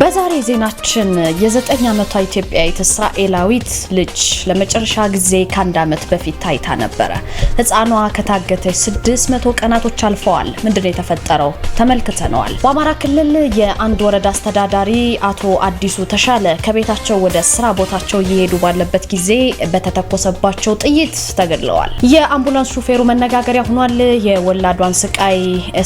በዛሬ ዜናችን የዘጠኝ ዓመቷ ኢትዮጵያዊት እስራኤላዊት ልጅ ለመጨረሻ ጊዜ ከአንድ ዓመት በፊት ታይታ ነበረ። ህፃኗ ከታገተች 600 ቀናቶች አልፈዋል። ምንድነው የተፈጠረው? ተመልክተነዋል። በአማራ ክልል የአንድ ወረዳ አስተዳዳሪ አቶ አዲሱ ተሻለ ከቤታቸው ወደ ስራ ቦታቸው እየሄዱ ባለበት ጊዜ በተተኮሰባቸው ጥይት ተገድለዋል። የአምቡላንስ ሹፌሩ መነጋገሪያ ሆኗል። የወላዷን ስቃይ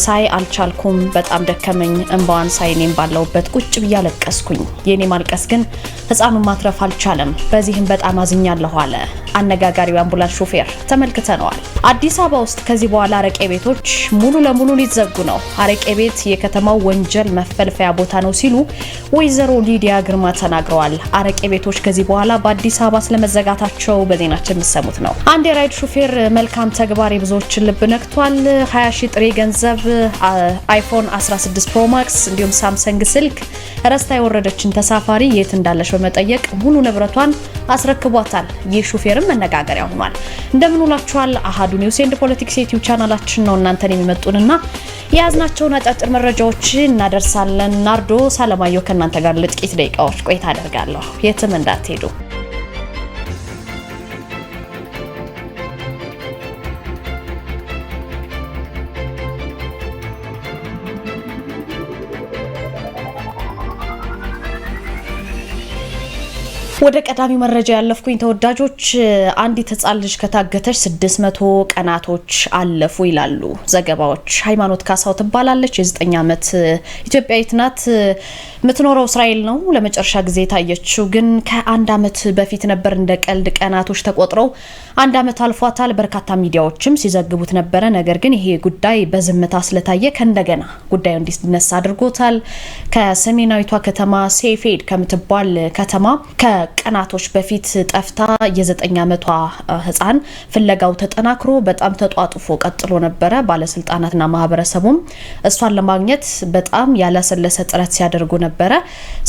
ሳይ አልቻልኩም፣ በጣም ደከመኝ፣ እንባዋን ሳይኔም ባለውበት ቁጭ እያለቀስኩኝ፣ የኔ ማልቀስ ግን ህፃኑን ማትረፍ አልቻለም። በዚህም በጣም አዝኛለሁ አለ አነጋጋሪው አምቡላንስ ሾፌር። ተመልክተነዋል። አዲስ አበባ ውስጥ ከዚህ በኋላ አረቄ ቤቶች ሙሉ ለሙሉ ሊዘጉ ነው። አረቄ ቤት የከተማው ወንጀል መፈልፈያ ቦታ ነው ሲሉ ወይዘሮ ሊዲያ ግርማ ተናግረዋል። አረቄ ቤቶች ከዚህ በኋላ በአዲስ አበባ ስለመዘጋታቸው በዜናችን የሚሰሙት ነው። አንድ የራይድ ሹፌር መልካም ተግባር የብዙዎችን ልብ ነክቷል። 20 ሺ ጥሬ ገንዘብ አይፎን 16 ፕሮማክስ እንዲሁም ሳምሰንግ ስልክ ረስታ የወረደችን ተሳፋሪ የት እንዳለች በመጠየቅ ሙሉ ንብረቷን አስረክቧታል። ይህ ሹፌርም መነጋገሪያ ሆኗል። እንደምንውላችኋል አሃዱ ኒውስ ኤንድ ፖለቲክስ ዩቲዩብ ቻናላችን ነው እናንተን የሚመጡንና የያዝናቸውን አጫጭር መረጃዎች እናደርሳለን። ናርዶ ሳለማየሁ ከእናንተ ጋር ለጥቂት ደቂቃዎች ቆይታ አደርጋለሁ። የትም እንዳትሄዱ። ወደ ቀዳሚ መረጃ ያለፍኩኝ ተወዳጆች፣ አንዲት ህጻን ልጅ ከታገተች 600 ቀናቶች አለፉ ይላሉ ዘገባዎች። ሃይማኖት ካሳው ትባላለች። የ9 ዓመት ኢትዮጵያዊት ናት። የምትኖረው እስራኤል ነው። ለመጨረሻ ጊዜ የታየችው ግን ከአንድ ዓመት በፊት ነበር። እንደ ቀልድ ቀናቶች ተቆጥረው አንድ ዓመት አልፏታል። በርካታ ሚዲያዎችም ሲዘግቡት ነበረ። ነገር ግን ይሄ ጉዳይ በዝምታ ስለታየ ከእንደገና ጉዳዩ እንዲነሳ አድርጎታል። ከሰሜናዊቷ ከተማ ሴፌድ ከምትባል ከተማ ከቀናቶች በፊት ጠፍታ የ9 ዓመቷ ህፃን ፍለጋው ተጠናክሮ በጣም ተጧጥፎ ቀጥሎ ነበረ። ባለስልጣናትና ማህበረሰቡም እሷን ለማግኘት በጣም ያላሰለሰ ጥረት ሲያደርጉ ነበረ።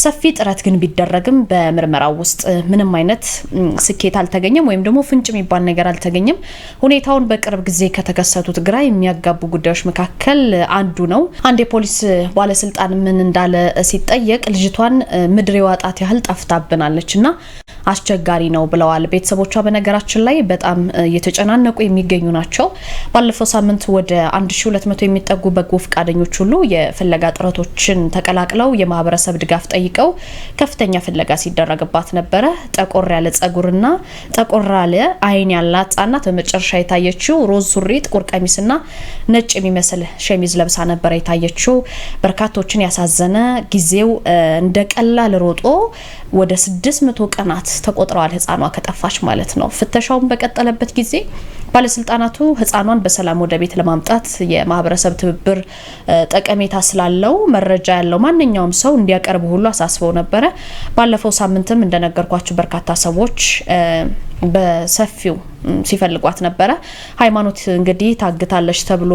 ሰፊ ጥረት ግን ቢደረግም በምርመራው ውስጥ ምንም አይነት ስኬት አልተገኘም፣ ወይም ደግሞ ፍንጭ የሚባል ነገር አልተገኘም። ሁኔታውን በቅርብ ጊዜ ከተከሰቱት ግራ የሚያጋቡ ጉዳዮች መካከል አንዱ ነው። አንድ የፖሊስ ባለስልጣን ምን እንዳለ ሲጠየቅ ልጅቷን ምድር የዋጣት ያህል ጠፍታብናለች እና አስቸጋሪ ነው ብለዋል። ቤተሰቦቿ በነገራችን ላይ በጣም እየተጨናነቁ የሚገኙ ናቸው። ባለፈው ሳምንት ወደ 1200 የሚጠጉ በጎ ፈቃደኞች ሁሉ የፍለጋ ጥረቶችን ተቀላቅለው የማህበረሰብ ድጋፍ ጠይቀው ከፍተኛ ፍለጋ ሲደረግባት ነበረ። ጠቆር ያለ ጸጉርና ጠቆር ያለ አይን ያላት ህጻናት በመጨረሻ የታየችው ሮዝ ሱሪ፣ ጥቁር ቀሚስና ነጭ የሚመስል ሸሚዝ ለብሳ ነበረ የታየችው። በርካቶችን ያሳዘነ ጊዜው እንደ ቀላል ሮጦ ወደ 600 ቀናት ተቆጥረዋል ህፃኗ ከጠፋች ማለት ነው። ፍተሻውን በቀጠለበት ጊዜ ባለስልጣናቱ ህፃኗን በሰላም ወደ ቤት ለማምጣት የማህበረሰብ ትብብር ጠቀሜታ ስላለው መረጃ ያለው ማንኛውም ሰው እንዲያቀርብ ሁሉ አሳስበው ነበረ። ባለፈው ሳምንትም እንደነገርኳችሁ በርካታ ሰዎች በሰፊው ሲፈልጓት ነበረ። ሃይማኖት እንግዲህ ታግታለች ተብሎ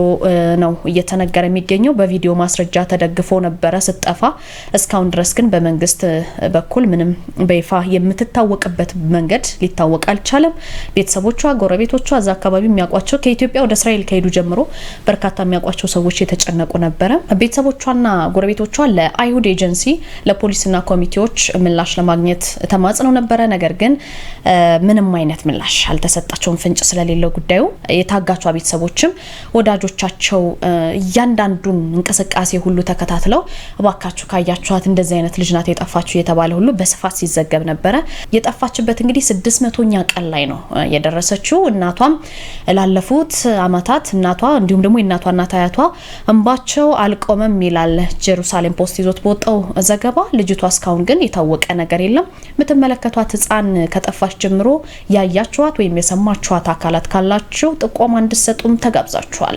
ነው እየተነገረ የሚገኘው። በቪዲዮ ማስረጃ ተደግፎ ነበረ ስጠፋ። እስካሁን ድረስ ግን በመንግስት በኩል ምንም በይፋ የምትታወቅበት መንገድ ሊታወቅ አልቻለም። ቤተሰቦቿ፣ ጎረቤቶቿ፣ እዛ አካባቢ የሚያውቋቸው ከኢትዮጵያ ወደ እስራኤል ከሄዱ ጀምሮ በርካታ የሚያውቋቸው ሰዎች የተጨነቁ ነበረ። ቤተሰቦቿና ጎረቤቶቿ ለአይሁድ ኤጀንሲ ለፖሊስና ኮሚቴዎች ምላሽ ለማግኘት ተማጽነው ነበረ። ነገር ግን ምንም አይነት ምላሽ አልተሰጣ የሰጣቸውን ፍንጭ ስለሌለው ጉዳዩ የታጋቿ ቤተሰቦችም ወዳጆቻቸው እያንዳንዱን እንቅስቃሴ ሁሉ ተከታትለው እባካችሁ ካያችኋት እንደዚህ አይነት ልጅ ናት የጠፋችሁ የተባለ ሁሉ በስፋት ሲዘገብ ነበረ። የጠፋችበት እንግዲህ ስድስት መቶኛ ቀን ላይ ነው የደረሰችው። እናቷም ላለፉት አመታት እናቷ እንዲሁም ደግሞ የእናቷ እናት አያቷ እንባቸው አልቆመም ይላል ጀሩሳሌም ፖስት ይዞት በወጣው ዘገባ። ልጅቷ እስካሁን ግን የታወቀ ነገር የለም። የምትመለከቷት ህፃን ከጠፋች ጀምሮ ያያችኋት ወይም የሰማ የሰማችኋት አካላት ካላችሁ ጥቆማ እንድሰጡም ተጋብዛችኋል።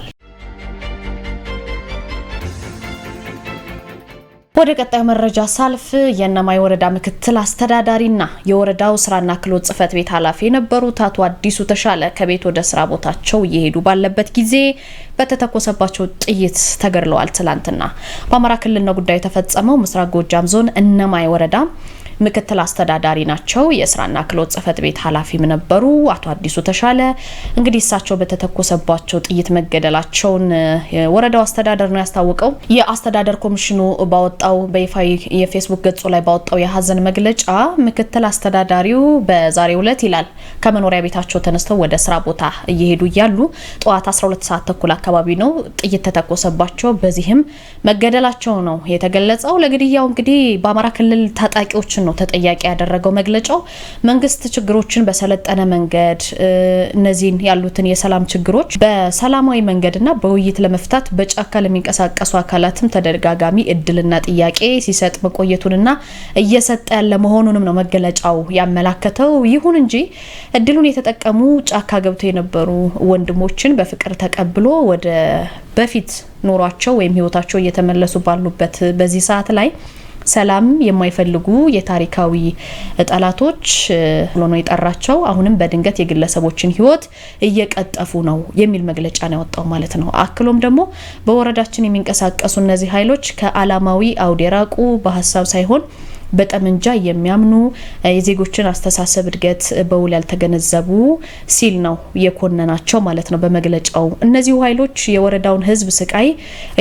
ወደ ቀጣዩ መረጃ ሳልፍ የእነማይ ወረዳ ምክትል አስተዳዳሪና የወረዳው ስራና ክህሎት ጽህፈት ቤት ኃላፊ የነበሩት አቶ አዲሱ ተሻለ ከቤት ወደ ስራ ቦታቸው እየሄዱ ባለበት ጊዜ በተተኮሰባቸው ጥይት ተገድለዋል። ትላንትና በአማራ ክልል ነው ጉዳዩ የተፈጸመው። ምስራቅ ጎጃም ዞን እነማይ ወረዳ ምክትል አስተዳዳሪ ናቸው። የስራና ክህሎት ጽህፈት ቤት ኃላፊም ነበሩ አቶ አዲሱ ተሻለ። እንግዲህ እሳቸው በተተኮሰባቸው ጥይት መገደላቸውን ወረዳው አስተዳደር ነው ያስታወቀው። የአስተዳደር ኮሚሽኑ ባወጣው በይፋዊ የፌስቡክ ገጹ ላይ ባወጣው የሀዘን መግለጫ ምክትል አስተዳዳሪው በዛሬው ዕለት ይላል ከመኖሪያ ቤታቸው ተነስተው ወደ ስራ ቦታ እየሄዱ እያሉ ጠዋት 12 ሰዓት ተኩል አካባቢ ነው ጥይት ተተኮሰባቸው። በዚህም መገደላቸው ነው የተገለጸው። ለግድያው እንግዲህ በአማራ ክልል ታጣቂዎች ችግሮችን ነው ተጠያቂ ያደረገው መግለጫው። መንግስት ችግሮችን በሰለጠነ መንገድ እነዚህን ያሉትን የሰላም ችግሮች በሰላማዊ መንገድና በውይይት ለመፍታት በጫካ ለሚንቀሳቀሱ አካላትም ተደጋጋሚ እድልና ጥያቄ ሲሰጥ መቆየቱንና እየሰጠ ያለ መሆኑንም ነው መገለጫው ያመላከተው። ይሁን እንጂ እድሉን የተጠቀሙ ጫካ ገብተው የነበሩ ወንድሞችን በፍቅር ተቀብሎ ወደ በፊት ኑሯቸው ወይም ህይወታቸው እየተመለሱ ባሉበት በዚህ ሰዓት ላይ ሰላም የማይፈልጉ የታሪካዊ ጠላቶች ሆኖ የጠራቸው አሁንም በድንገት የግለሰቦችን ህይወት እየቀጠፉ ነው የሚል መግለጫ ነው ያወጣው ማለት ነው። አክሎም ደግሞ በወረዳችን የሚንቀሳቀሱ እነዚህ ኃይሎች ከአላማዊ አውድ የራቁ በሀሳብ ሳይሆን በጠመንጃ የሚያምኑ የዜጎችን አስተሳሰብ እድገት በውል ያልተገነዘቡ ሲል ነው የኮነናቸው ማለት ነው በመግለጫው። እነዚሁ ኃይሎች የወረዳውን ህዝብ ስቃይ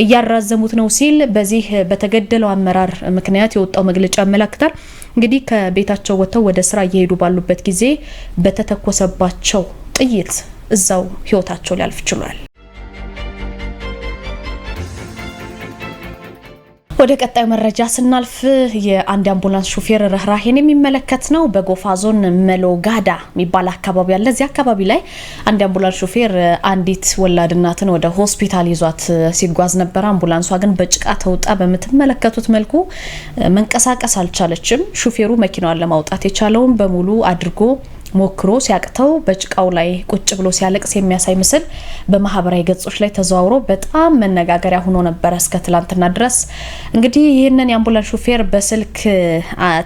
እያራዘሙት ነው ሲል በዚህ በተገደለው አመራር ምክንያት የወጣው መግለጫ ያመላክታል። እንግዲህ ከቤታቸው ወጥተው ወደ ስራ እየሄዱ ባሉበት ጊዜ በተተኮሰባቸው ጥይት እዛው ህይወታቸው ሊያልፍ ችሏል። ወደ ቀጣዩ መረጃ ስናልፍ የአንድ አምቡላንስ ሹፌር ርኅራሄን የሚመለከት ነው። በጎፋ ዞን መሎጋዳ የሚባል አካባቢ አለ። እዚህ አካባቢ ላይ አንድ አምቡላንስ ሹፌር አንዲት ወላድ እናትን ወደ ሆስፒታል ይዟት ሲጓዝ ነበር። አምቡላንሷ ግን በጭቃ ተውጣ በምትመለከቱት መልኩ መንቀሳቀስ አልቻለችም። ሹፌሩ መኪናዋን ለማውጣት የቻለውን በሙሉ አድርጎ ሞክሮ ሲያቅተው በጭቃው ላይ ቁጭ ብሎ ሲያለቅስ የሚያሳይ ምስል በማህበራዊ ገጾች ላይ ተዘዋውሮ በጣም መነጋገሪያ ሆኖ ነበረ እስከ ትላንትና ድረስ። እንግዲህ ይህንን የአምቡላንስ ሹፌር በስልክ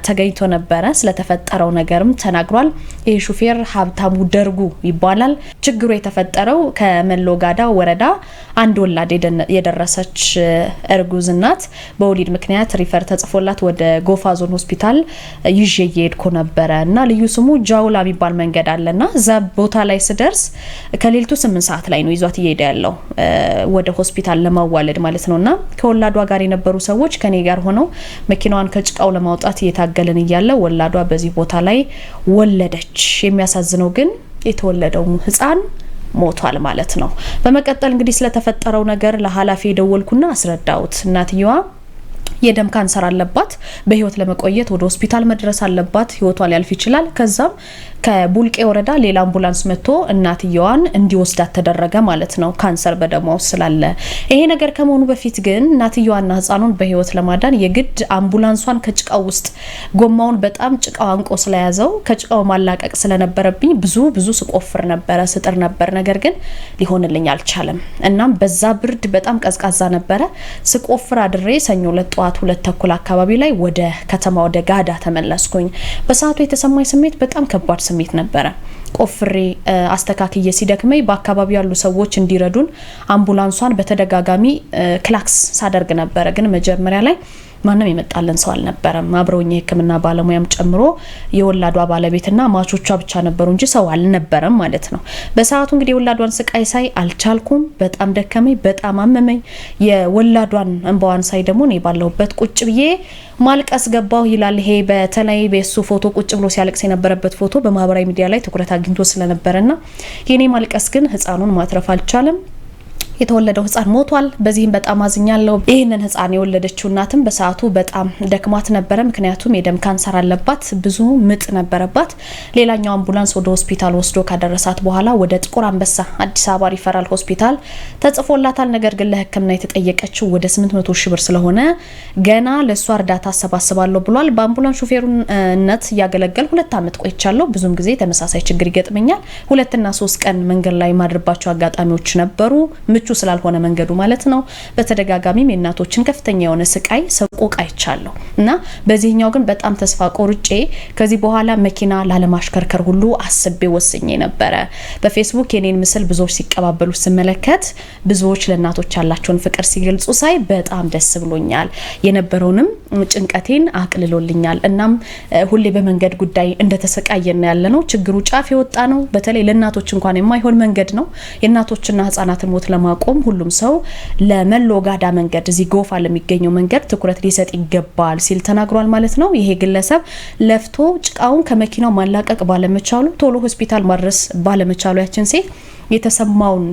ተገኝቶ ነበረ። ስለተፈጠረው ነገርም ተናግሯል። ይህ ሹፌር ሀብታሙ ደርጉ ይባላል። ችግሩ የተፈጠረው ጋዳ ወረዳ አንድ ወላድ የደረሰች እርጉዝ እናት በወሊድ ምክንያት ሪፈር ተጽፎላት ወደ ጎፋ ዞን ሆስፒታል ይዤ እየሄድኩ ነበረ እና ልዩ ስሙ ጃውላ የሚባል መንገድ አለና እዛ ቦታ ላይ ስደርስ ከሌሊቱ ስምንት ሰዓት ላይ ነው ይዟት እየሄደ ያለው ወደ ሆስፒታል ለማዋለድ ማለት ነው። እና ከወላዷ ጋር የነበሩ ሰዎች ከኔ ጋር ሆነው መኪናዋን ከጭቃው ለማውጣት እየታገልን እያለ ወላዷ በዚህ ቦታ ላይ ወለደች። የሚያሳዝነው ግን የተወለደው ህፃን ሞቷል ማለት ነው። በመቀጠል እንግዲህ ስለተፈጠረው ነገር ለኃላፊ የደወልኩና አስረዳሁት። እናትየዋ የደም ካንሰር አለባት። በህይወት ለመቆየት ወደ ሆስፒታል መድረስ አለባት። ህይወቷ ሊያልፍ ይችላል። ከዛም ከቡልቄ ወረዳ ሌላ አምቡላንስ መጥቶ እናትየዋን እንዲወስዳት ተደረገ ማለት ነው፣ ካንሰር በደሟ ውስጥ ስላለ። ይሄ ነገር ከመሆኑ በፊት ግን እናትየዋና ህፃኑን በህይወት ለማዳን የግድ አምቡላንሷን ከጭቃው ውስጥ ጎማውን በጣም ጭቃው አንቆ ስለያዘው ከጭቃው ማላቀቅ ስለነበረብኝ ብዙ ብዙ ስቆፍር ነበረ፣ ስጥር ነበር። ነገር ግን ሊሆንልኝ አልቻለም። እናም በዛ ብርድ በጣም ቀዝቃዛ ነበረ ስቆፍር አድሬ ሰኞ ዕለት ጠዋት ሁለት ተኩል አካባቢ ላይ ወደ ከተማ ወደ ጋዳ ተመለስኩኝ። በሰዓቱ የተሰማኝ ስሜት በጣም ከባድ ስሜት ነበረ። ቆፍሬ አስተካክዬ ሲደክመኝ በአካባቢ ያሉ ሰዎች እንዲረዱን አምቡላንሷን በተደጋጋሚ ክላክስ ሳደርግ ነበረ። ግን መጀመሪያ ላይ ማንም የመጣለን ሰው አልነበረም። አብረውኝ የህክምና ባለሙያም ጨምሮ የወላዷ ባለቤትና ማቾቿ ብቻ ነበሩ እንጂ ሰው አልነበረም ማለት ነው። በሰዓቱ እንግዲህ የወላዷን ስቃይ ሳይ አልቻልኩም። በጣም ደከመኝ፣ በጣም አመመኝ። የወላዷን እንባዋን ሳይ ደግሞ እኔ ባለሁበት ቁጭ ብዬ ማልቀስ ገባሁ ይላል። ይሄ በተለይ በሱ ፎቶ ቁጭ ብሎ ሲያለቅስ የነበረበት ፎቶ በማህበራዊ ሚዲያ ላይ ትኩረት አግኝቶ ስለነበረና የኔ ማልቀስ ግን ህፃኑን ማትረፍ አልቻለም። የተወለደው ህጻን ሞቷል። በዚህም በጣም አዝኛለሁ። ይህንን ህጻን የወለደችው እናትም በሰዓቱ በጣም ደክሟት ነበረ። ምክንያቱም የደም ካንሰር አለባት፣ ብዙ ምጥ ነበረባት። ሌላኛው አምቡላንስ ወደ ሆስፒታል ወስዶ ካደረሳት በኋላ ወደ ጥቁር አንበሳ አዲስ አበባ ሪፈራል ሆስፒታል ተጽፎላታል። ነገር ግን ለህክምና የተጠየቀችው ወደ 800 ሺህ ብር ስለሆነ ገና ለእሷ እርዳታ አሰባስባለሁ ብሏል። በአምቡላንስ ሹፌሩነት እያገለገል ሁለት ዓመት ቆይቻለሁ። ብዙም ጊዜ ተመሳሳይ ችግር ይገጥመኛል። ሁለትና ሶስት ቀን መንገድ ላይ ማድርባቸው አጋጣሚዎች ነበሩ። ምቹ ስላልሆነ መንገዱ ማለት ነው። በተደጋጋሚም የእናቶችን ከፍተኛ የሆነ ስቃይ ሰቆቃ አይቻለሁ እና በዚህኛው ግን በጣም ተስፋ ቆርጬ ከዚህ በኋላ መኪና ላለማሽከርከር ሁሉ አስቤ ወስኜ ነበረ። በፌስቡክ የኔን ምስል ብዙዎች ሲቀባበሉ ስመለከት ብዙዎች ለእናቶች ያላቸውን ፍቅር ሲገልጹ ሳይ በጣም ደስ ብሎኛል። የነበረውንም ጭንቀቴን አቅልሎልኛል። እናም ሁሌ በመንገድ ጉዳይ እንደተሰቃየና ያለ ነው ችግሩ ጫፍ የወጣ ነው። በተለይ ለእናቶች እንኳን የማይሆን መንገድ ነው። የእናቶችና ህጻናትን ሞት ለማ በማቆም ሁሉም ሰው ለመሎጋዳ መንገድ እዚህ ጎፋ ለሚገኘው መንገድ ትኩረት ሊሰጥ ይገባል ሲል ተናግሯል ማለት ነው። ይሄ ግለሰብ ለፍቶ ጭቃውን ከመኪናው ማላቀቅ ባለመቻሉ ቶሎ ሆስፒታል ማድረስ ባለመቻሉ ያችን ሴት የተሰማውን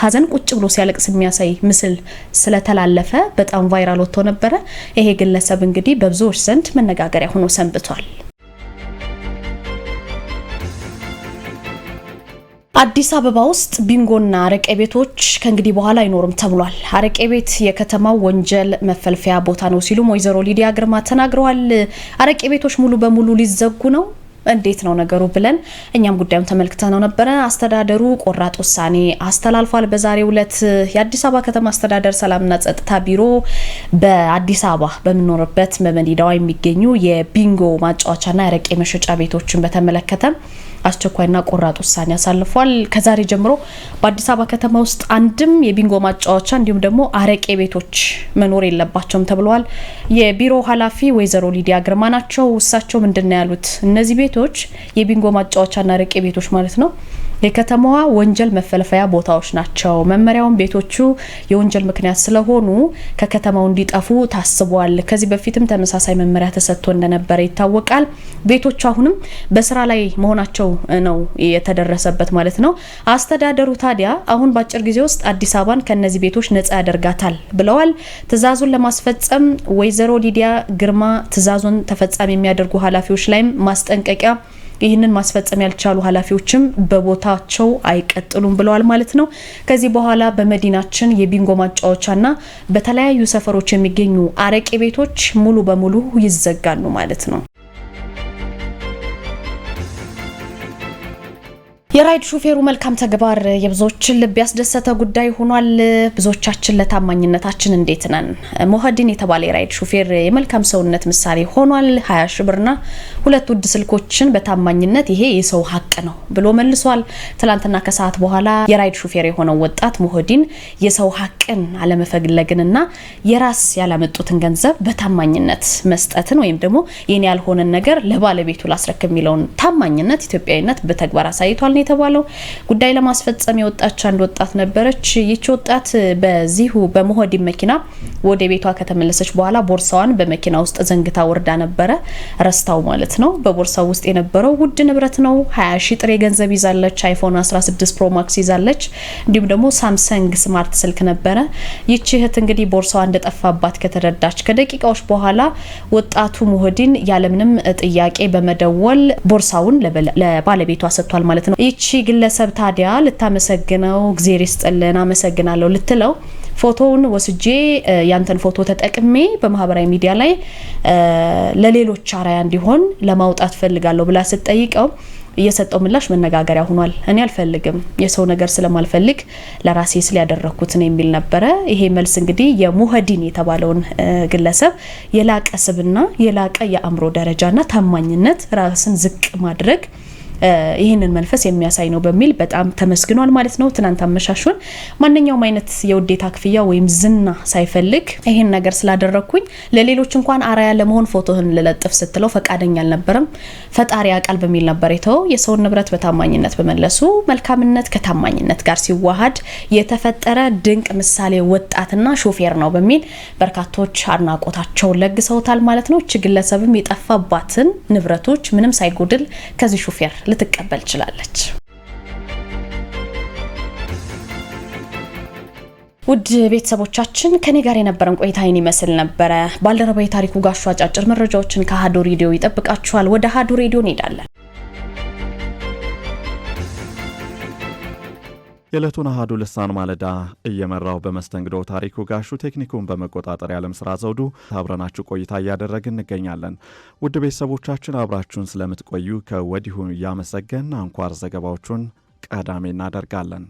ሐዘን ቁጭ ብሎ ሲያለቅስ የሚያሳይ ምስል ስለተላለፈ በጣም ቫይራል ወጥቶ ነበረ። ይሄ ግለሰብ እንግዲህ በብዙዎች ዘንድ መነጋገሪያ ሆኖ ሰንብቷል። አዲስ አበባ ውስጥ ቢንጎና አረቄ ቤቶች ከእንግዲህ በኋላ አይኖርም ተብሏል። አረቄ ቤት የከተማው ወንጀል መፈልፈያ ቦታ ነው ሲሉም ወይዘሮ ሊዲያ ግርማ ተናግረዋል። አረቄ ቤቶች ሙሉ በሙሉ ሊዘጉ ነው፣ እንዴት ነው ነገሩ ብለን እኛም ጉዳዩን ተመልክተ ነው ነበረ። አስተዳደሩ ቆራጥ ውሳኔ አስተላልፏል። በዛሬው ዕለት የአዲስ አበባ ከተማ አስተዳደር ሰላምና ጸጥታ ቢሮ በአዲስ አበባ በምኖርበት በመዲናዋ የሚገኙ የቢንጎ ማጫወቻና የአረቄ መሸጫ ቤቶችን በተመለከተ አስቸኳይና ቆራጥ ውሳኔ አሳልፏል። ከዛሬ ጀምሮ በአዲስ አበባ ከተማ ውስጥ አንድም የቢንጎ ማጫወቻ እንዲሁም ደግሞ አረቄ ቤቶች መኖር የለባቸውም ተብለዋል። የቢሮ ኃላፊ ወይዘሮ ሊዲያ ግርማ ናቸው። እሳቸው ምንድን ነው ያሉት? እነዚህ ቤቶች የቢንጎ ማጫወቻና አረቄ ቤቶች ማለት ነው የከተማዋ ወንጀል መፈልፈያ ቦታዎች ናቸው። መመሪያውን ቤቶቹ የወንጀል ምክንያት ስለሆኑ ከከተማው እንዲጠፉ ታስቧል። ከዚህ በፊትም ተመሳሳይ መመሪያ ተሰጥቶ እንደነበረ ይታወቃል። ቤቶቹ አሁንም በስራ ላይ መሆናቸው መሆናቸው ነው የተደረሰበት ማለት ነው። አስተዳደሩ ታዲያ አሁን በአጭር ጊዜ ውስጥ አዲስ አበባን ከነዚህ ቤቶች ነጻ ያደርጋታል ብለዋል። ትዕዛዙን ለማስፈጸም ወይዘሮ ሊዲያ ግርማ ትዕዛዙን ተፈጻሚ የሚያደርጉ ኃላፊዎች ላይም ማስጠንቀቂያ ይህንን ማስፈጸም ያልቻሉ ኃላፊዎችም በቦታቸው አይቀጥሉም ብለዋል ማለት ነው። ከዚህ በኋላ በመዲናችን የቢንጎ ማጫወቻና በተለያዩ ሰፈሮች የሚገኙ አረቄ ቤቶች ሙሉ በሙሉ ይዘጋሉ ማለት ነው። የራይድ ሹፌሩ መልካም ተግባር የብዙዎችን ልብ ያስደሰተ ጉዳይ ሆኗል። ብዙዎቻችን ለታማኝነታችን እንዴት ነን? ሞሀዲን የተባለ የራይድ ሹፌር የመልካም ሰውነት ምሳሌ ሆኗል። ሀያ ሺ ብርና ሁለት ውድ ስልኮችን በታማኝነት ይሄ የሰው ሀቅ ነው ብሎ መልሷል። ትላንትና ከሰዓት በኋላ የራይድ ሹፌር የሆነው ወጣት ሞሀዲን የሰው ሀቅን አለመፈለግንና የራስ ያላመጡትን ገንዘብ በታማኝነት መስጠትን ወይም ደግሞ የኔ ያልሆነን ነገር ለባለቤቱ ላስረክብ የሚለውን ታማኝነት ኢትዮጵያዊነት በተግባር አሳይቷል። የተባለው ጉዳይ ለማስፈጸም የወጣች አንድ ወጣት ነበረች። ይቺ ወጣት በዚሁ በመሆዲ መኪና ወደ ቤቷ ከተመለሰች በኋላ ቦርሳዋን በመኪና ውስጥ ዘንግታ ወርዳ ነበረ። ረስታው ማለት ነው። በቦርሳው ውስጥ የነበረው ውድ ንብረት ነው። 20 ሺ ጥሬ ገንዘብ ይዛለች። አይፎን 16 ፕሮ ማክስ ይዛለች። እንዲሁም ደግሞ ሳምሰንግ ስማርት ስልክ ነበረ። ይቺ እህት እንግዲህ ቦርሳዋ እንደጠፋባት ከተረዳች ከደቂቃዎች በኋላ ወጣቱ ሙህዲን ያለምንም ጥያቄ በመደወል ቦርሳውን ለባለቤቷ ሰጥቷል ማለት ነው። ይቺ ግለሰብ ታዲያ ልታመሰግነው እግዜር ይስጥልን አመሰግናለሁ ልትለው ፎቶውን ወስጄ ያንተን ፎቶ ተጠቅሜ በማህበራዊ ሚዲያ ላይ ለሌሎች አርአያ እንዲሆን ለማውጣት ፈልጋለሁ ብላ ስትጠይቀው እየሰጠው ምላሽ መነጋገሪያ ሆኗል። እኔ አልፈልግም የሰው ነገር ስለማልፈልግ ለራሴ ስል ያደረግኩት ነው የሚል ነበረ። ይሄ መልስ እንግዲህ የሙህዲን የተባለውን ግለሰብ የላቀ ስብና የላቀ የአእምሮ ደረጃና ታማኝነት ራስን ዝቅ ማድረግ ይህንን መንፈስ የሚያሳይ ነው በሚል በጣም ተመስግኗል ማለት ነው። ትናንት አመሻሹን ማንኛውም አይነት የውዴታ ክፍያ ወይም ዝና ሳይፈልግ ይህን ነገር ስላደረግኩኝ ለሌሎች እንኳን አርአያ ለመሆን ፎቶህን ልለጥፍ ስትለው ፈቃደኛ አልነበረም። ፈጣሪ አቃል በሚል ነበር የተወው። የሰውን ንብረት በታማኝነት በመለሱ መልካምነት ከታማኝነት ጋር ሲዋሃድ የተፈጠረ ድንቅ ምሳሌ ወጣትና ሾፌር ነው በሚል በርካቶች አድናቆታቸውን ለግሰውታል ማለት ነው። እች ግለሰብም የጠፋባትን ንብረቶች ምንም ሳይጎድል ከዚህ ሾፌር ልትቀበል ችላለች። ውድ ቤተሰቦቻችን ከኔ ጋር የነበረን ቆይታ ይህን ይመስል ነበረ። ባልደረባ የታሪኩ ጋሹ አጫጭር መረጃዎችን ከአሀዱ ሬዲዮ ይጠብቃችኋል። ወደ አሀዱ ሬዲዮ እንሄዳለን። የዕለቱን አሃዱ ልሳን ማለዳ እየመራው በመስተንግዶ ታሪኩ ጋሹ፣ ቴክኒኩን በመቆጣጠር የዓለም ስራ ዘውዱ አብረናችሁ ቆይታ እያደረግ እንገኛለን። ውድ ቤተሰቦቻችን አብራችሁን ስለምትቆዩ ከወዲሁ እያመሰገን አንኳር ዘገባዎቹን ቀዳሜ እናደርጋለን።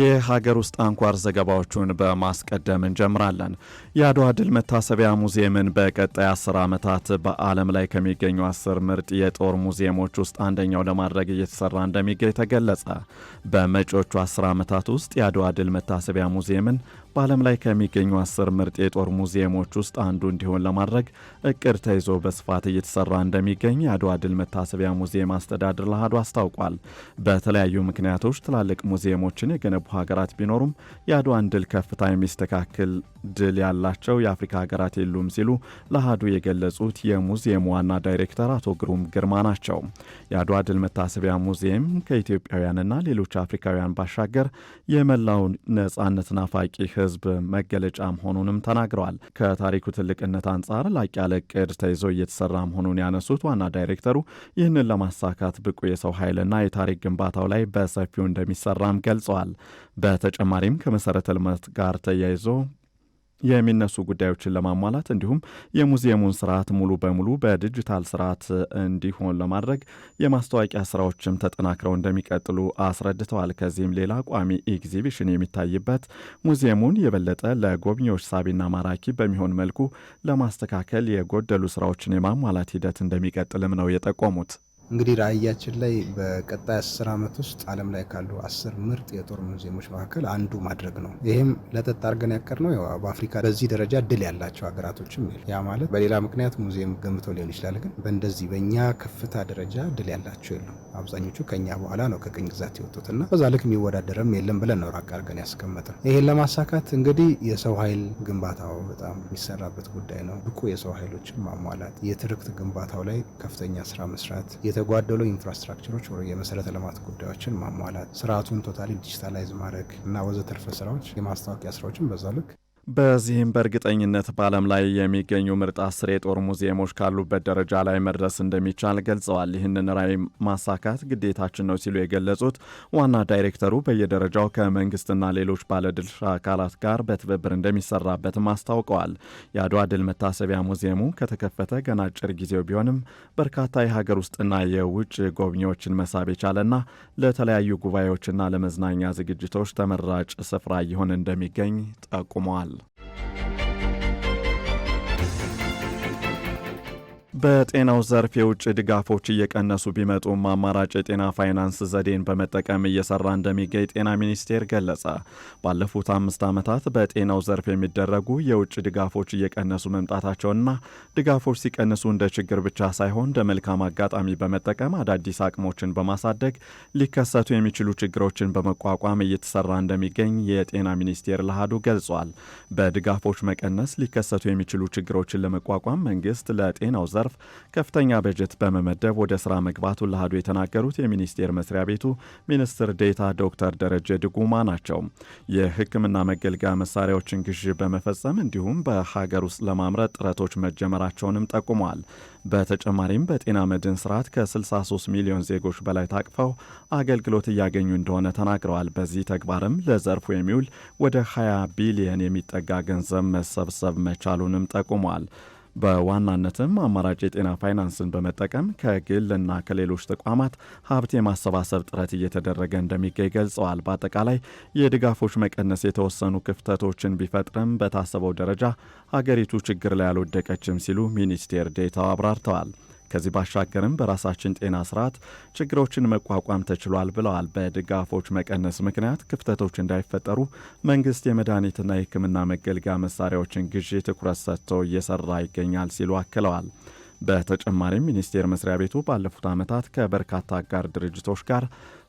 የሀገር ውስጥ አንኳር ዘገባዎቹን በማስቀደም እንጀምራለን። የአድዋ ድል መታሰቢያ ሙዚየምን በቀጣይ አስር ዓመታት በዓለም ላይ ከሚገኙ አስር ምርጥ የጦር ሙዚየሞች ውስጥ አንደኛው ለማድረግ እየተሰራ እንደሚገኝ ተገለጸ። በመጪዎቹ አስር ዓመታት ውስጥ የአድዋ ድል መታሰቢያ ሙዚየምን በዓለም ላይ ከሚገኙ አስር ምርጥ የጦር ሙዚየሞች ውስጥ አንዱ እንዲሆን ለማድረግ እቅድ ተይዞ በስፋት እየተሰራ እንደሚገኝ የአድዋ ድል መታሰቢያ ሙዚየም አስተዳደር ለአሐዱ አስታውቋል። በተለያዩ ምክንያቶች ትላልቅ ሙዚየሞችን የገነ የገነቡ ሀገራት ቢኖሩም የአድዋን ድል ከፍታ የሚስተካከል ድል ያላቸው የአፍሪካ ሀገራት የሉም ሲሉ ለአሃዱ የገለጹት የሙዚየሙ ዋና ዳይሬክተር አቶ ግሩም ግርማ ናቸው። የአድዋ ድል መታሰቢያ ሙዚየም ከኢትዮጵያውያንና ሌሎች አፍሪካውያን ባሻገር የመላው ነጻነት ናፋቂ ሕዝብ መገለጫ መሆኑንም ተናግረዋል። ከታሪኩ ትልቅነት አንጻር ላቅ ያለ እቅድ ተይዞ እየተሰራ መሆኑን ያነሱት ዋና ዳይሬክተሩ ይህንን ለማሳካት ብቁ የሰው ኃይልና የታሪክ ግንባታው ላይ በሰፊው እንደሚሰራም ገልጸዋል። በተጨማሪም ከመሰረተ ልማት ጋር ተያይዞ የሚነሱ ጉዳዮችን ለማሟላት እንዲሁም የሙዚየሙን ስርዓት ሙሉ በሙሉ በዲጂታል ስርዓት እንዲሆን ለማድረግ የማስታወቂያ ስራዎችም ተጠናክረው እንደሚቀጥሉ አስረድተዋል። ከዚህም ሌላ ቋሚ ኤግዚቢሽን የሚታይበት ሙዚየሙን የበለጠ ለጎብኚዎች ሳቢና ማራኪ በሚሆን መልኩ ለማስተካከል የጎደሉ ስራዎችን የማሟላት ሂደት እንደሚቀጥልም ነው የጠቆሙት። እንግዲህ ራዕያችን ላይ በቀጣይ አስር ዓመት ውስጥ ዓለም ላይ ካሉ አስር ምርጥ የጦር ሙዚየሞች መካከል አንዱ ማድረግ ነው። ይህም ለጠጥ አድርገን ያቀር ነው። በአፍሪካ በዚህ ደረጃ ድል ያላቸው ሀገራቶችም ያ ማለት በሌላ ምክንያት ሙዚየም ገንብተው ሊሆን ይችላል፣ ግን በእንደዚህ በእኛ ከፍታ ደረጃ ድል ያላቸው የለም። አብዛኞቹ ከኛ በኋላ ነው ከቅኝ ግዛት የወጡትና በዛ ልክ የሚወዳደርም የለም ብለን ነው ራቅ አድርገን ያስቀመጥን። ይህን ለማሳካት እንግዲህ የሰው ኃይል ግንባታው በጣም የሚሰራበት ጉዳይ ነው። ብቁ የሰው ኃይሎችን ማሟላት፣ የትርክት ግንባታው ላይ ከፍተኛ ስራ መስራት የተጓደሉ ኢንፍራስትራክቸሮች የመሰረተ ልማት ጉዳዮችን ማሟላት፣ ስርዓቱን ቶታሊ ዲጂታላይዝ ማድረግ እና ወዘተርፈ ስራዎች የማስታወቂያ ስራዎችን በዛ ልክ በዚህም በእርግጠኝነት በዓለም ላይ የሚገኙ ምርጥ አስር የጦር ሙዚየሞች ካሉበት ደረጃ ላይ መድረስ እንደሚቻል ገልጸዋል። ይህንን ራዕይ ማሳካት ግዴታችን ነው ሲሉ የገለጹት ዋና ዳይሬክተሩ በየደረጃው ከመንግስትና ሌሎች ባለድርሻ አካላት ጋር በትብብር እንደሚሰራበትም አስታውቀዋል። የአድዋ ድል መታሰቢያ ሙዚየሙ ከተከፈተ ገና አጭር ጊዜው ቢሆንም በርካታ የሀገር ውስጥና የውጭ ጎብኚዎችን መሳብ የቻለና ለተለያዩ ጉባኤዎችና ለመዝናኛ ዝግጅቶች ተመራጭ ስፍራ እየሆነ እንደሚገኝ ጠቁመዋል። you. በጤናው ዘርፍ የውጭ ድጋፎች እየቀነሱ ቢመጡም አማራጭ የጤና ፋይናንስ ዘዴን በመጠቀም እየሰራ እንደሚገኝ ጤና ሚኒስቴር ገለጸ። ባለፉት አምስት ዓመታት በጤናው ዘርፍ የሚደረጉ የውጭ ድጋፎች እየቀነሱ መምጣታቸውና ድጋፎች ሲቀንሱ እንደ ችግር ብቻ ሳይሆን እንደ መልካም አጋጣሚ በመጠቀም አዳዲስ አቅሞችን በማሳደግ ሊከሰቱ የሚችሉ ችግሮችን በመቋቋም እየተሰራ እንደሚገኝ የጤና ሚኒስቴር ለአሐዱ ገልጿል። በድጋፎች መቀነስ ሊከሰቱ የሚችሉ ችግሮችን ለመቋቋም መንግስት ለጤናው ዘርፍ ዘርፍ ከፍተኛ በጀት በመመደብ ወደ ስራ መግባቱን ለአሐዱ የተናገሩት የሚኒስቴር መስሪያ ቤቱ ሚኒስትር ዴታ ዶክተር ደረጀ ድጉማ ናቸው። የህክምና መገልገያ መሳሪያዎችን ግዥ በመፈጸም እንዲሁም በሀገር ውስጥ ለማምረት ጥረቶች መጀመራቸውንም ጠቁመዋል። በተጨማሪም በጤና መድን ስርዓት ከ63 ሚሊዮን ዜጎች በላይ ታቅፈው አገልግሎት እያገኙ እንደሆነ ተናግረዋል። በዚህ ተግባርም ለዘርፉ የሚውል ወደ 20 ቢሊየን የሚጠጋ ገንዘብ መሰብሰብ መቻሉንም ጠቁመዋል። በዋናነትም አማራጭ የጤና ፋይናንስን በመጠቀም ከግል እና ከሌሎች ተቋማት ሀብት የማሰባሰብ ጥረት እየተደረገ እንደሚገኝ ገልጸዋል። በአጠቃላይ የድጋፎች መቀነስ የተወሰኑ ክፍተቶችን ቢፈጥርም በታሰበው ደረጃ ሀገሪቱ ችግር ላይ አልወደቀችም ሲሉ ሚኒስቴር ዴታው አብራርተዋል። ከዚህ ባሻገርም በራሳችን ጤና ስርዓት ችግሮችን መቋቋም ተችሏል ብለዋል። በድጋፎች መቀነስ ምክንያት ክፍተቶች እንዳይፈጠሩ መንግስት የመድኃኒትና የሕክምና መገልገያ መሳሪያዎችን ግዢ ትኩረት ሰጥቶ እየሰራ ይገኛል ሲሉ አክለዋል። በተጨማሪም ሚኒስቴር መስሪያ ቤቱ ባለፉት ዓመታት ከበርካታ አጋር ድርጅቶች ጋር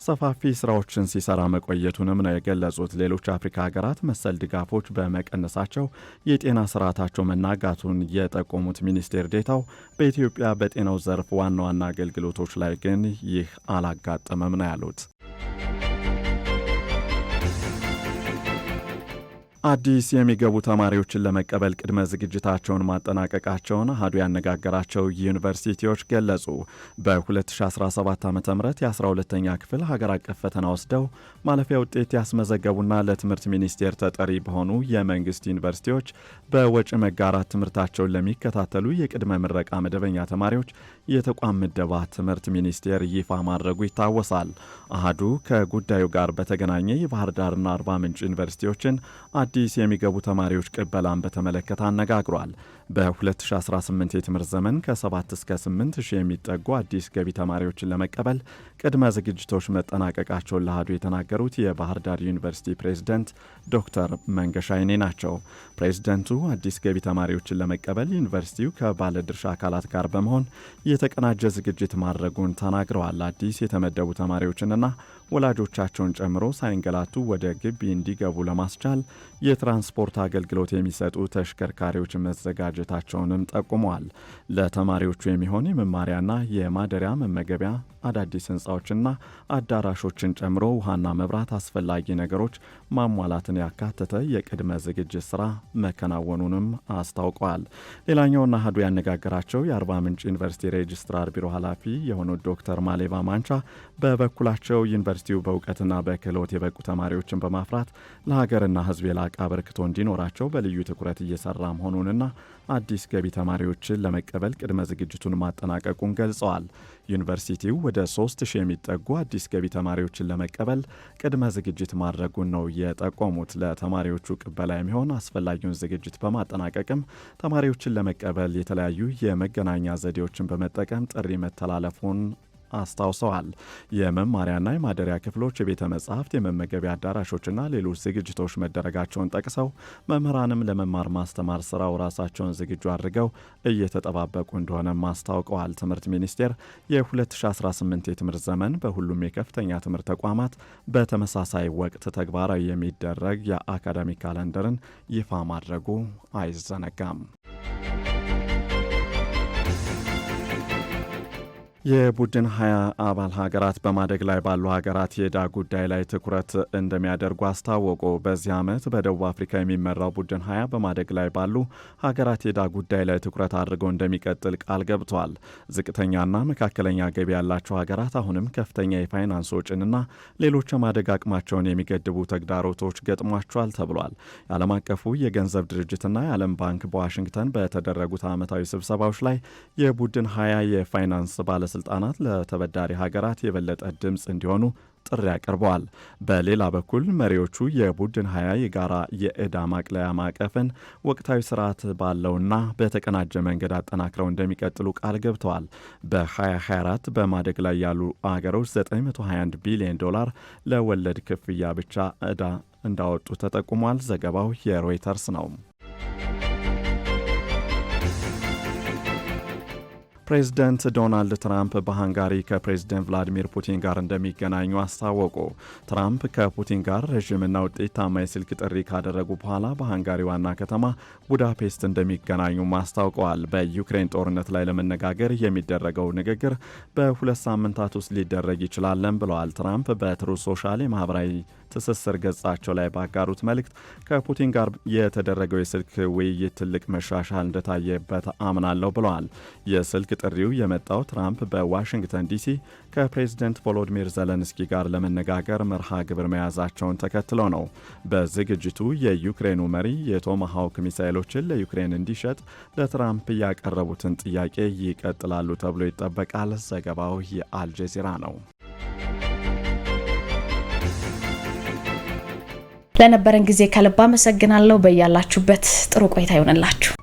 ሰፋፊ ስራዎችን ሲሰራ መቆየቱንም ነው የገለጹት። ሌሎች አፍሪካ ሀገራት መሰል ድጋፎች በመቀነሳቸው የጤና ስርዓታቸው መናጋቱን የጠቆሙት ሚኒስቴር ዴታው በኢትዮጵያ በጤናው ዘርፍ ዋና ዋና አገልግሎቶች ላይ ግን ይህ አላጋጠመም ነው ያሉት። አዲስ የሚገቡ ተማሪዎችን ለመቀበል ቅድመ ዝግጅታቸውን ማጠናቀቃቸውን አህዱ ያነጋገራቸው ዩኒቨርሲቲዎች ገለጹ። በ2017 ዓ ም የ12ተኛ ክፍል ሀገር አቀፍ ፈተና ወስደው ማለፊያ ውጤት ያስመዘገቡና ለትምህርት ሚኒስቴር ተጠሪ በሆኑ የመንግስት ዩኒቨርሲቲዎች በወጪ መጋራት ትምህርታቸውን ለሚከታተሉ የቅድመ ምረቃ መደበኛ ተማሪዎች የተቋም ምደባ ትምህርት ሚኒስቴር ይፋ ማድረጉ ይታወሳል። አህዱ ከጉዳዩ ጋር በተገናኘ የባህር ዳርና አርባ ምንጭ ዩኒቨርሲቲዎችን አዲስ የሚገቡ ተማሪዎች ቅበላን በተመለከተ አነጋግሯል። በ2018 የትምህርት ዘመን ከ7 እስከ 8 ሺህ የሚጠጉ አዲስ ገቢ ተማሪዎችን ለመቀበል ቅድመ ዝግጅቶች መጠናቀቃቸውን ለአሐዱ የተናገሩት የባህር ዳር ዩኒቨርሲቲ ፕሬዝደንት ዶክተር መንገሻ ናቸው። ፕሬዝደንቱ አዲስ ገቢ ተማሪዎችን ለመቀበል ዩኒቨርሲቲው ከባለድርሻ አካላት ጋር በመሆን የተቀናጀ ዝግጅት ማድረጉን ተናግረዋል። አዲስ የተመደቡ ተማሪዎችንና ወላጆቻቸውን ጨምሮ ሳይንገላቱ ወደ ግቢ እንዲገቡ ለማስቻል የትራንስፖርት አገልግሎት የሚሰጡ ተሽከርካሪዎች መዘጋጀ ማዘጋጀታቸውንም ጠቁመዋል። ለተማሪዎቹ የሚሆን የመማሪያና የማደሪያ መመገቢያ፣ አዳዲስ ህንፃዎችና አዳራሾችን ጨምሮ ውሃና መብራት አስፈላጊ ነገሮች ማሟላትን ያካተተ የቅድመ ዝግጅት ስራ መከናወኑንም አስታውቋል። ሌላኛውና አህዱ ያነጋገራቸው የአርባ ምንጭ ዩኒቨርሲቲ ሬጅስትራር ቢሮ ኃላፊ የሆኑት ዶክተር ማሌባ ማንቻ በበኩላቸው ዩኒቨርሲቲው በእውቀትና በክህሎት የበቁ ተማሪዎችን በማፍራት ለሀገርና ሕዝብ የላቀ አበርክቶ እንዲኖራቸው በልዩ ትኩረት እየሰራ መሆኑንና አዲስ ገቢ ተማሪዎችን ለመቀበል ቅድመ ዝግጅቱን ማጠናቀቁን ገልጸዋል። ዩኒቨርሲቲው ወደ 3000 የሚጠጉ አዲስ ገቢ ተማሪዎችን ለመቀበል ቅድመ ዝግጅት ማድረጉን ነው የጠቆሙት። ለተማሪዎቹ ቅበላ የሚሆን አስፈላጊውን ዝግጅት በማጠናቀቅም ተማሪዎችን ለመቀበል የተለያዩ የመገናኛ ዘዴዎችን በመጠቀም ጥሪ መተላለፉን አስታውሰዋል። የመማሪያና የማደሪያ ክፍሎች፣ የቤተ መጻሕፍት፣ የመመገቢያ አዳራሾችና ሌሎች ዝግጅቶች መደረጋቸውን ጠቅሰው መምህራንም ለመማር ማስተማር ስራው ራሳቸውን ዝግጁ አድርገው እየተጠባበቁ እንደሆነም አስታውቀዋል። ትምህርት ሚኒስቴር የ2018 የትምህርት ዘመን በሁሉም የከፍተኛ ትምህርት ተቋማት በተመሳሳይ ወቅት ተግባራዊ የሚደረግ የአካዳሚክ ካለንደርን ይፋ ማድረጉ አይዘነጋም። የቡድን ሀያ አባል ሀገራት በማደግ ላይ ባሉ ሀገራት የዕዳ ጉዳይ ላይ ትኩረት እንደሚያደርጉ አስታወቁ። በዚህ ዓመት በደቡብ አፍሪካ የሚመራው ቡድን ሀያ በማደግ ላይ ባሉ ሀገራት የዕዳ ጉዳይ ላይ ትኩረት አድርገው እንደሚቀጥል ቃል ገብቷል። ዝቅተኛና መካከለኛ ገቢ ያላቸው ሀገራት አሁንም ከፍተኛ የፋይናንስ ወጪንና ሌሎች የማደግ አቅማቸውን የሚገድቡ ተግዳሮቶች ገጥሟቸዋል ተብሏል። የዓለም አቀፉ የገንዘብ ድርጅትና የዓለም ባንክ በዋሽንግተን በተደረጉት ዓመታዊ ስብሰባዎች ላይ የቡድን ሀያ የፋይናንስ ባለ ባለሥልጣናት ለተበዳሪ ሀገራት የበለጠ ድምፅ እንዲሆኑ ጥሪ አቅርበዋል። በሌላ በኩል መሪዎቹ የቡድን ሀያ የጋራ የዕዳ ማቅለያ ማዕቀፍን ወቅታዊ ስርዓት ባለውና በተቀናጀ መንገድ አጠናክረው እንደሚቀጥሉ ቃል ገብተዋል። በ2024 በማደግ ላይ ያሉ አገሮች 921 ቢሊዮን ዶላር ለወለድ ክፍያ ብቻ ዕዳ እንዳወጡ ተጠቁሟል። ዘገባው የሮይተርስ ነው። ፕሬዝደንት ዶናልድ ትራምፕ በሃንጋሪ ከፕሬዝደንት ቭላዲሚር ፑቲን ጋር እንደሚገናኙ አስታወቁ። ትራምፕ ከፑቲን ጋር ረዥምና ውጤታማ የስልክ ጥሪ ካደረጉ በኋላ በሃንጋሪ ዋና ከተማ ቡዳፔስት እንደሚገናኙም አስታውቀዋል። በዩክሬን ጦርነት ላይ ለመነጋገር የሚደረገው ንግግር በሁለት ሳምንታት ውስጥ ሊደረግ ይችላለን ብለዋል። ትራምፕ በትሩ ሶሻል የማህበራዊ ትስስር ገጻቸው ላይ ባጋሩት መልእክት ከፑቲን ጋር የተደረገው የስልክ ውይይት ትልቅ መሻሻል እንደታየበት አምናለሁ ብለዋል። የስልክ ጥሪው የመጣው ትራምፕ በዋሽንግተን ዲሲ ከፕሬዝደንት ቮሎዲሚር ዘለንስኪ ጋር ለመነጋገር መርሃ ግብር መያዛቸውን ተከትሎ ነው። በዝግጅቱ የዩክሬኑ መሪ የቶማሃውክ ሚሳይሎችን ለዩክሬን እንዲሸጥ ለትራምፕ ያቀረቡትን ጥያቄ ይቀጥላሉ ተብሎ ይጠበቃል። ዘገባው የአልጀዚራ ነው። ለነበረን ጊዜ ከልብ አመሰግናለሁ። በያላችሁበት ጥሩ ቆይታ ይሆንላችሁ።